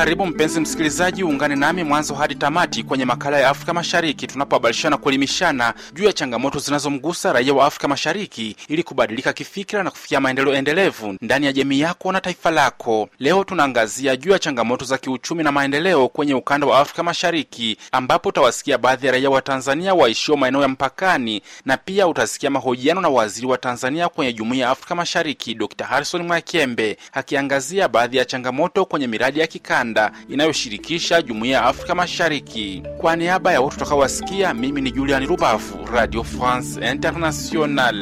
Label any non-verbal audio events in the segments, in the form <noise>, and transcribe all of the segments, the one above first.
Karibu mpenzi msikilizaji, uungane nami mwanzo hadi tamati kwenye makala ya Afrika Mashariki tunapohabarishana kuelimishana juu ya changamoto zinazomgusa raia wa Afrika Mashariki ili kubadilika kifikira na kufikia maendeleo endelevu ndani ya jamii yako na taifa lako. Leo tunaangazia juu ya changamoto za kiuchumi na maendeleo kwenye ukanda wa Afrika Mashariki, ambapo utawasikia baadhi ya raia wa Tanzania waishio maeneo ya mpakani na pia utasikia mahojiano na waziri wa Tanzania kwenye jumuia ya Afrika Mashariki Dr. Harrison Mwakembe akiangazia baadhi ya changamoto kwenye miradi ya kikanda kikanda inayoshirikisha jumuiya ya Afrika Mashariki. Kwa niaba ya watu utakaowasikia mimi ni Julian Rubavu, Radio France International.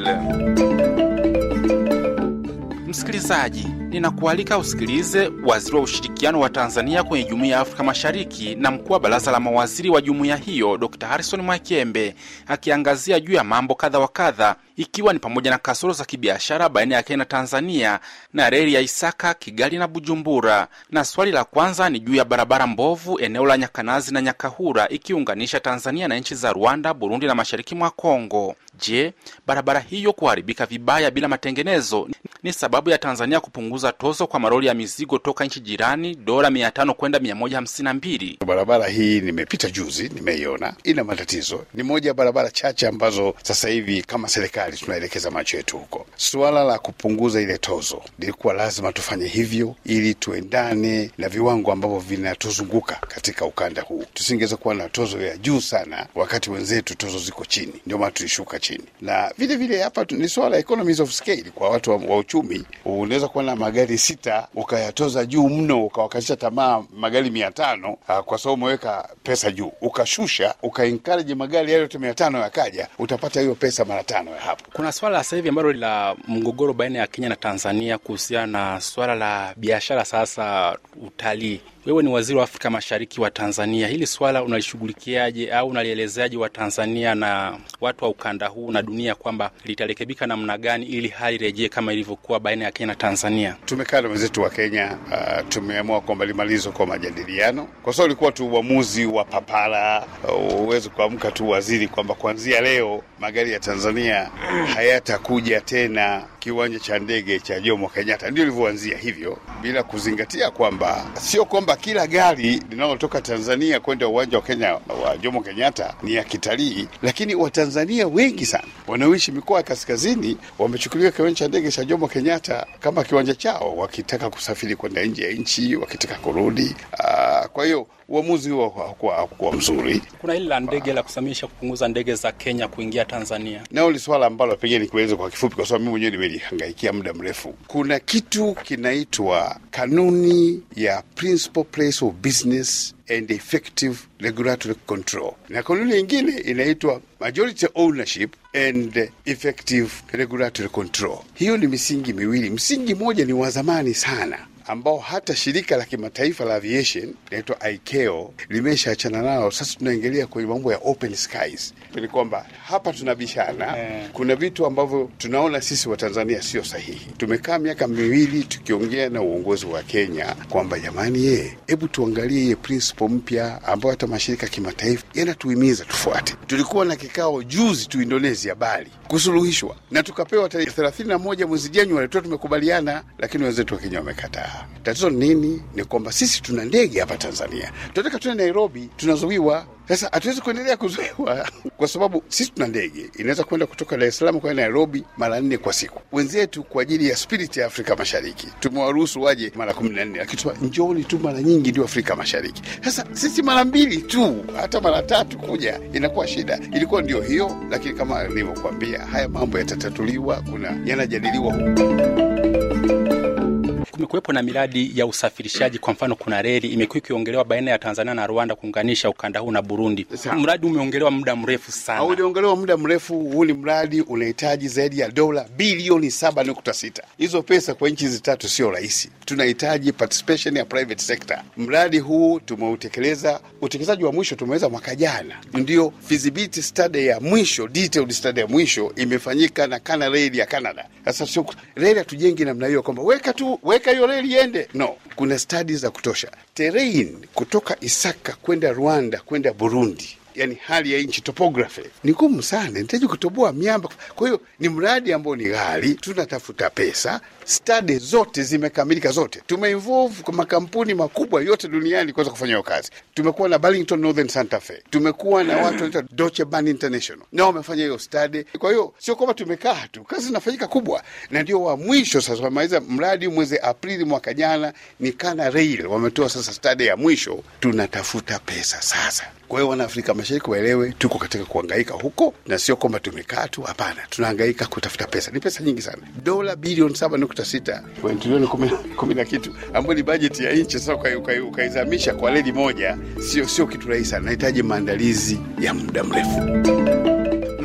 Msikilizaji, ninakualika usikilize waziri wa ushirikiano wa Tanzania kwenye jumuiya ya Afrika Mashariki na mkuu wa baraza la mawaziri wa jumuiya hiyo Dr. Harrison Mwakembe akiangazia juu ya mambo kadha wa kadha ikiwa ni pamoja na kasoro za kibiashara baina ya Kenya na Tanzania na reli ya Isaka, Kigali na Bujumbura. Na swali la kwanza ni juu ya barabara mbovu eneo la Nyakanazi na Nyakahura ikiunganisha Tanzania na nchi za Rwanda, Burundi na mashariki mwa Kongo. Je, barabara hiyo kuharibika vibaya bila matengenezo ni sababu ya Tanzania kupunguza tozo kwa maroli ya mizigo toka nchi jirani dola mia tano kwenda mia moja hamsini na mbili. Barabara hii nimepita juzi, nimeiona, ina matatizo. Ni moja ya barabara chache ambazo sasa hivi kama serikali mbalimbali, tunaelekeza macho yetu huko. Suala la kupunguza ile tozo lilikuwa lazima tufanye hivyo, ili tuendane na viwango ambavyo vinatuzunguka katika ukanda huu. Tusingeweza kuwa na tozo ya juu sana wakati wenzetu tozo ziko chini, ndio maana tulishuka chini. Na vile vile hapa ni suala la economies of scale kwa watu wa, wa uchumi. Unaweza kuwa na magari sita ukayatoza juu mno ukawakatisha tamaa magari mia tano ah, kwa sababu umeweka pesa juu, ukashusha ukaencourage magari yayote mia tano yakaja, utapata hiyo pesa mara tano ya hapa kuna swala sasa hivi ambalo la mgogoro baina ya Kenya na Tanzania kuhusiana na swala la biashara, sasa utalii wewe ni waziri wa Afrika Mashariki wa Tanzania, hili swala unalishughulikiaje au unalielezeaje wa Tanzania na watu wa ukanda huu na dunia kwamba litarekebika namna gani ili hali rejee kama ilivyokuwa baina ya Kenya na Tanzania? Tumekaa na wenzetu wa Kenya, uh, tumeamua kwamba limalizo kwa majadiliano, kwa sababu ulikuwa tu uamuzi wa papara. Huwezi uh, kuamka tu waziri kwamba kuanzia leo magari ya Tanzania <clears throat> hayatakuja tena kiwanja cha ndege cha Jomo Kenyatta. Ndio ilivyoanzia hivyo, bila kuzingatia kwamba sio kwamba kila gari linalotoka Tanzania kwenda uwanja wa Kenya wa Jomo Kenyatta ni ya kitalii, lakini Watanzania wengi sana wanaoishi mikoa ya kaskazini wamechukuliwa kiwanja cha ndege cha Jomo Kenyatta kama kiwanja chao, wakitaka kusafiri kwenda nje ya nchi, wakitaka kurudi. Ah, kwa hiyo uamuzi huo hakuwa mzuri. Kuna hili la ndege la kusimamisha kupunguza ndege za Kenya kuingia Tanzania, nao ni swala ambalo pengine nikueleze kwa kifupi, kwa sababu mimi mwenyewe nimelihangaikia muda mrefu. Kuna kitu kinaitwa kanuni ya principal place of business and effective regulatory control, na kanuni nyingine inaitwa majority ownership and effective regulatory control. Hiyo ni misingi miwili. Msingi mmoja ni wa zamani sana ambao hata shirika la kimataifa la aviation linaitwa ICAO e limeshaachana nao. Sasa tunaingilia kwenye mambo ya open skies, ni kwamba hapa tunabishana yeah. Kuna vitu ambavyo tunaona sisi Watanzania sio sahihi. Tumekaa miaka miwili tukiongea na uongozi wa Kenya kwamba jamani, ye hebu tuangalie iye principle mpya ambayo hata mashirika ya kimataifa yanatuhimiza tufuate. Tulikuwa na kikao juzi tu Indonesia Bali kusuluhishwa na tukapewa tarehe 31 mwezi Januari, tua tumekubaliana, lakini wenzetu wa Kenya wamekataa. Tatizo nini? Ni kwamba sisi tuna ndege hapa Tanzania, tunataka tuende Nairobi, tunazuiwa. Sasa hatuwezi kuendelea kuzuiwa <laughs> kwa sababu sisi tuna ndege inaweza kwenda kutoka Dar es kwenda Nairobi mara nne kwa siku. Wenzetu kwa ajili ya spirit ya Afrika Mashariki tumewaruhusu waje mara kumi na nne, lakini njoni tu mara nyingi ndio Afrika Mashariki. Sasa sisi mara mbili tu, hata mara tatu kuja inakuwa shida. Ilikuwa ndio hiyo, lakini kama nilivyokuambia, haya mambo yatatatuliwa, kuna yanajadiliwa huko kumekuwepo na miradi ya usafirishaji, kwa mfano kuna reli imekuwa ikiongelewa baina ya Tanzania na Rwanda kuunganisha ukanda huu na Burundi. Mradi umeongelewa muda mrefu sana, haujaongelewa muda mrefu. Huu ni mradi unahitaji zaidi ya dola bilioni saba nukta sita. Hizo pesa kwa nchi hizi tatu sio rahisi, tunahitaji participation ya private sector. Mradi huu tumeutekeleza, utekelezaji wa mwisho tumeweza mwaka jana, ndio feasibility study ya mwisho, detailed study ya mwisho imefanyika na Canada reli ya Canada. Sasa reli hatujengi namna hiyo kwamba weka tu weka tunataka hiyo reli iende. No, kuna studies za kutosha. Terrain kutoka Isaka kwenda Rwanda kwenda Burundi yani hali ya nchi topography ni ngumu sana, nitaji kutoboa miamba. Kwa hiyo ni mradi ambao ni ghali, tunatafuta pesa. Study zote zimekamilika, zote tumeinvolve kwa makampuni makubwa yote duniani kuweza kufanya hiyo kazi. Tumekuwa na Burlington Northern Santa Fe, tumekuwa na watu wanaitwa Deutsche Bahn International, nao wamefanya hiyo study. Kwa hiyo sio kwamba tumekaa tu, kazi zinafanyika kubwa, na ndio wa mwisho sasa wamemaliza mradi mwezi Aprili mwaka jana, ni kana rail wametoa sasa study ya mwisho, tunatafuta pesa sasa. Kwa hiyo wanaafrika mashariki waelewe tuko katika kuangaika huko, na sio kwamba tumekaa tu. Hapana, tunaangaika kutafuta pesa. Ni pesa nyingi sana, dola bilioni saba nukta sita trilioni kumi na kitu, ambayo ni bajeti ya nchi. Sasa ukaizamisha kwa reli moja, sio sio kitu rahisi sana, nahitaji maandalizi ya muda mrefu.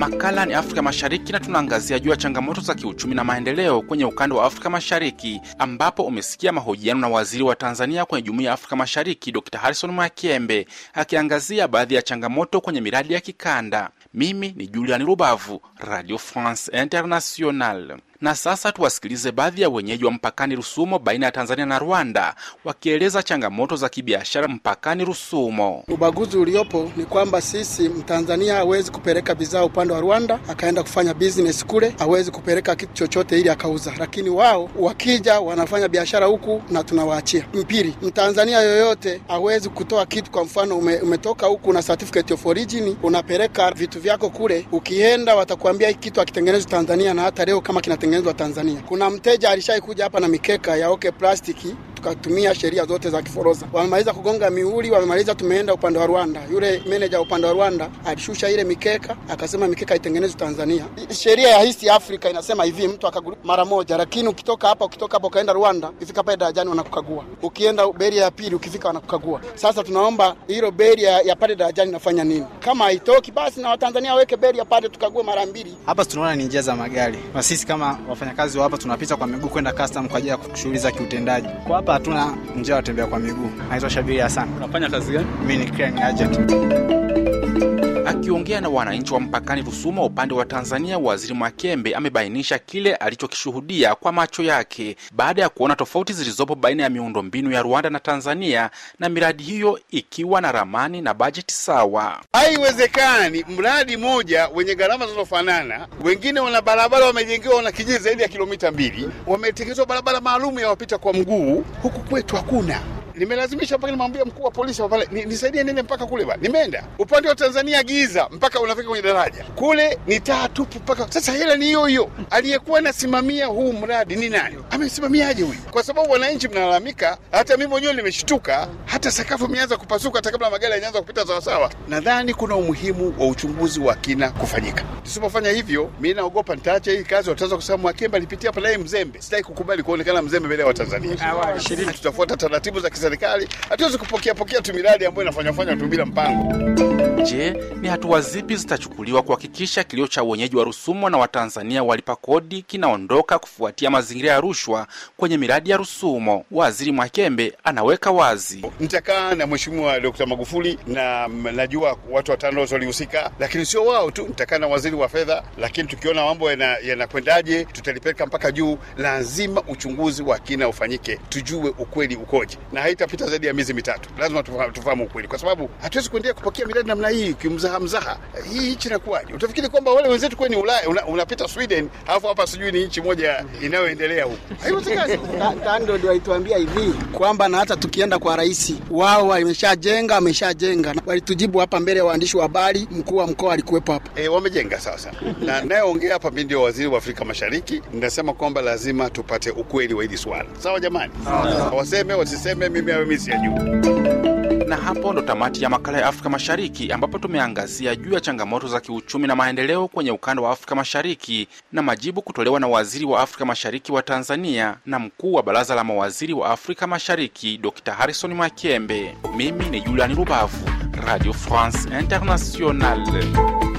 Makala ni Afrika Mashariki na tunaangazia juu ya changamoto za kiuchumi na maendeleo kwenye ukanda wa Afrika Mashariki, ambapo umesikia mahojiano na waziri wa Tanzania kwenye Jumuiya ya Afrika Mashariki Dr. Harrison Mwakiembe akiangazia baadhi ya changamoto kwenye miradi ya kikanda. Mimi ni Julian Rubavu, Radio France International. Na sasa tuwasikilize baadhi ya wenyeji wa mpakani Rusumo baina ya Tanzania na Rwanda wakieleza changamoto za kibiashara mpakani Rusumo. Ubaguzi uliopo ni kwamba sisi Mtanzania hawezi kupeleka bidhaa upande wa Rwanda akaenda kufanya business kule, hawezi kupeleka kitu chochote ili akauza, lakini wao wakija wanafanya biashara huku na tunawaachia mpili. Mtanzania yoyote hawezi kutoa kitu, kwa mfano ume, umetoka huku na certificate of origin unapeleka vitu vyako kule, ukienda watakuambia hiki kitu akitengenezwa Tanzania na hata leo kama kinatengenezwa kutengenezwa Tanzania. Kuna mteja alishaikuja hapa na mikeka ya oke plastiki tukatumia sheria zote za kiforoza. Wamemaliza kugonga miuli, wamemaliza, tumeenda upande wa Rwanda. Yule meneja upande wa Rwanda alishusha ile mikeka, akasema mikeka itengenezwe Tanzania. Sheria ya East Africa inasema hivi, mtu akaguru mara moja, lakini ukitoka hapa, ukitoka hapa ukaenda Rwanda, ukifika pale darajani wanakukagua, ukienda beria ya pili, ukifika wanakukagua. Sasa tunaomba hilo beria ya pale darajani nafanya nini? Kama haitoki basi, na Watanzania waweke beria pale, tukague mara mbili. Hapa tunaona ni njia za magari, na sisi kama wafanyakazi wa hapa tunapita kwa miguu kwenda custom kwa ajili ya shughuli za kiutendaji kwa hapa hapa hatuna njia ya watembea kwa miguu. Naitwa Shabiria sana. Unafanya kazi gani? Mimi ni crane agent. Akiongea na wananchi wa mpakani Rusuma upande wa Tanzania, Waziri Mwakembe amebainisha kile alichokishuhudia kwa macho yake baada ya kuona tofauti zilizopo baina ya miundombinu ya Rwanda na Tanzania, na miradi hiyo ikiwa na ramani na bajeti sawa. Haiwezekani mradi moja wenye gharama zinazofanana, wengine wana barabara wamejengewa na kijiji zaidi ya kilomita mbili, wametengenezwa barabara maalum ya wapita kwa mguu, huku kwetu hakuna nimelazimisha mpaka nimwambie mkuu wa polisi pale nisaidie nini mpaka kule bwana. Nimeenda upande wa Tanzania Giza mpaka unafika kwenye daraja kule, ni taa tupu mpaka sasa. Hela ni hiyo hiyo. Aliyekuwa anasimamia huu mradi ni nani? Amesimamiaje huyu? Kwa sababu wananchi mnalalamika, hata mimi mwenyewe nimeshtuka, hata sakafu imeanza kupasuka hata kabla magari yanaanza kupita sawasawa. Nadhani kuna umuhimu wa uchunguzi wa kina kufanyika. Tusipofanya hivyo, mi naogopa nitaacha hii kazi, wataanza kusema Mwakemba alipitia pale mzembe. Sitaki kukubali kuonekana mzembe mbele ya Watanzania. Tutafuata taratibu za kisa serikali, hatuwezi kupokea pokea tu miradi ambayo inafanya fanya tu bila mpango. Je, ni hatua zipi zitachukuliwa kuhakikisha kilio cha wenyeji wa rusumo na Watanzania walipa kodi kinaondoka kufuatia mazingira ya rushwa kwenye miradi ya Rusumo? Waziri Mwakembe anaweka wazi. Nitakaa na Mheshimiwa Dkt. Magufuli na najua watu watano TANROADS walihusika, lakini sio wao tu, nitakaa na waziri wa fedha, lakini tukiona mambo yanakwendaje ya tutalipeleka mpaka juu. Lazima uchunguzi wa kina ufanyike, tujue ukweli ukoje na haitapita zaidi ya miezi mitatu. Lazima tufahamu ukweli, kwa sababu hatuwezi kuendelea kupokea miradi namna hii kimzaha mzaha. Hii nchi inakuwaje? Utafikiri kwamba wale wenzetu kweni Ulaya una, unapita Sweden alafu hapa sijui ni nchi moja inayoendelea huku, haiwezekani. <laughs> Tando ndio walituambia hivi kwamba na hata tukienda kwa rais wao wameshajenga, wameshajenga. Walitujibu hapa mbele ya waandishi wa habari, mkuu wa mkoa alikuwepo hapa e, wamejenga sasa. Na nayeongea hapa mi ndio waziri wa Afrika Mashariki, ninasema kwamba lazima tupate ukweli wa hili swala. Sawa jamani, waseme wasiseme mimi mimi sijui. Na hapo ndo tamati ya makala ya Afrika Mashariki ambapo tumeangazia juu ya changamoto za kiuchumi na maendeleo kwenye ukanda wa Afrika Mashariki na majibu kutolewa na waziri wa Afrika Mashariki wa Tanzania na mkuu wa baraza la mawaziri wa Afrika Mashariki Dr. Harrison makembe Mimi ni Julian Rubavu, Radio France Internationale.